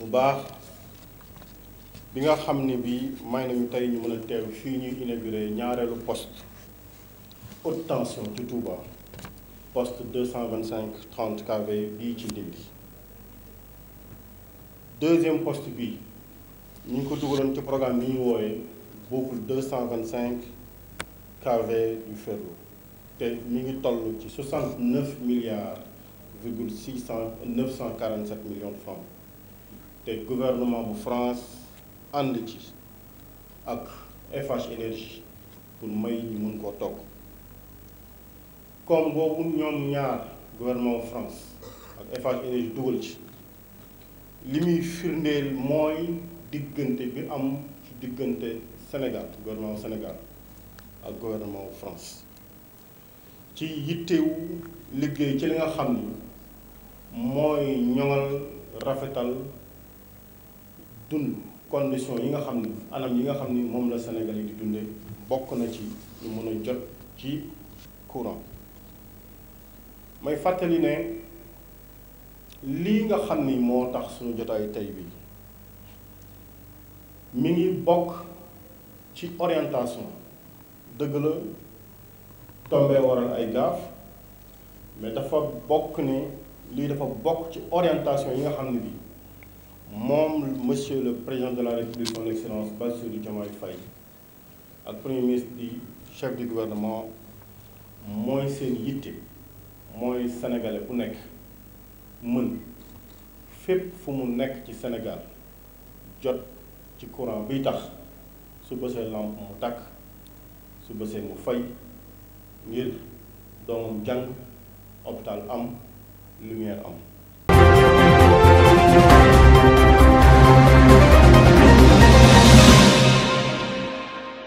bu baax bi nga xam ne bii may nañu tey ñu mën a teew fii ñuy inauguré ñaareelu poste haute post ci cent vingt cinq 30 kV bii ci Ndindi deuxième post bi ñu ngi ko dugaloon ci programme bi ñu wooyee vingt cinq kV du Ferlo te mi ngi toll ci 69 milliards virgule quarante 947 millions de francs te gouvernement bu France ànd ci ak FH Énergie pour may ñu mun koo togg comme boobu ñoom ñaar gouvernement bu France ak FH Énergie dugal ci li muy firndeel mooy diggante bi am ci diggante Sénégal gouvernement bu Sénégal ak gouvernement bu France ci yittewu liggéey ci li nga xam ni mooy ñoŋal rafetal dund condition yi nga xam ni anam yi nga xam ni moom la Sénégal yi di dunde bokk na ci ñu mën a jot ci courant may fàttali ne lii nga xam ni moo tax suñu jotaay tey bii mi ngi bokk ci orientation dëgg la tombee waral ay gaaf mais dafa bokk ne lii dafa bokk ci orientation yi nga xam ne bi moom monsieur le président de la république son excellence Bassirou Diomaye Faye ak premier ministre di chef du gouvernement mooy seen yitte mooy sénégalais bu nekk mën fépp fu mu nekk ci Sénégal jot ci courant bi tax su bësee lampe mu tàkk su bësee mu fay ngir doomam jàng hôpital am lumière am